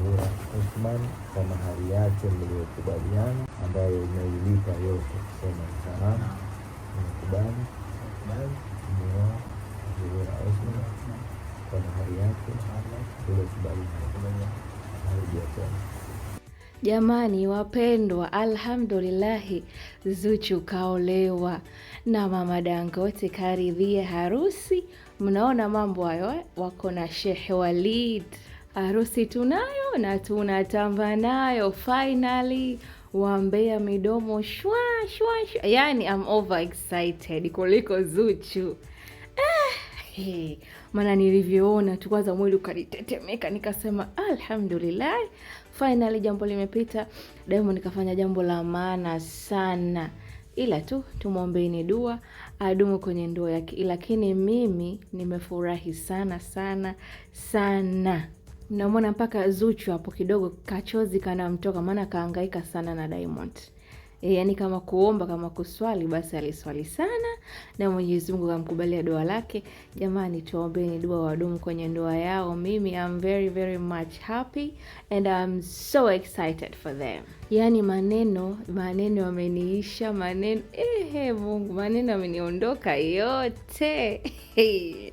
Bora Othman kwa mahari yake mliyokubaliana, ambayo imeilipa yote, kusema msalama mkubali Bora Othman kwa mahari yake mliyokubaliana. Jamani wapendwa, alhamdulillahi, Zuchu kaolewa na mama Dangote, karidhie harusi. Mnaona mambo hayo, eh? wako na Sheikh Walid. Harusi tunayo na tunatamba nayo finally, wambea midomo shwa shwa shwa, yani I'm over excited kuliko Zuchu ah, hey. Maana nilivyoona tu kwanza mwili ukanitetemeka, nikasema alhamdulillah, finally jambo limepita. Diamond nikafanya jambo la maana sana, ila tu tumwombeeni dua adumu kwenye ndoa yake, lakini mimi nimefurahi sana sana sana namona mpaka Zuchu hapo kidogo kachozi kanamtoka, maana kaangaika sana na Diamond. E, yani kama kuomba kama kuswali basi aliswali sana na Mwenyezi Mungu akamkubalia dua lake. Jamani, tuombeni dua wadumu kwenye ndoa yao. Mimi I'm very very much happy and I'm so excited for them. Yani maneno maneno yameniisha maneno, ehe Mungu, maneno yameniondoka yote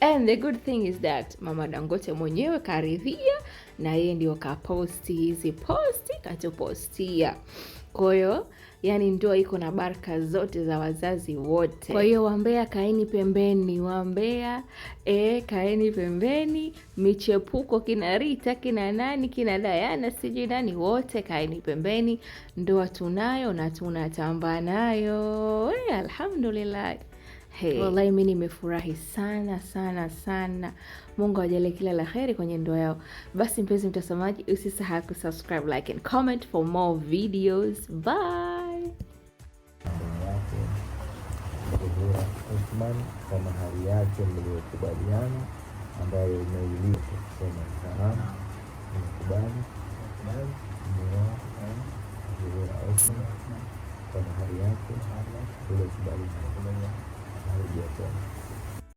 and the good thing is that Mama Dangote mwenyewe karidhia na yeye ndio kaposti hizi posti katupostia. Kwa hiyo yani ndoa iko na baraka zote za wazazi wote. Kwa hiyo wambea, kaeni pembeni, wambea e, kaeni pembeni. Michepuko kina Rita kina nani kina Dayana sijui nani, wote kaeni pembeni. Ndoa tunayo na tunatamba nayo. Eh, alhamdulillah. Hey. Wallahi mi nimefurahi sana sana sana. Mungu awajalie kila la heri kwenye ndoa yao. Basi mpenzi mtazamaji, usisahau kusubscribe, like and comment for more videos. Bye. Usman kwa mahari yake mliyokubaliana ambayo imeulizwa kusema salamu mkubali kwa mahari yake mliyokubaliana 也多。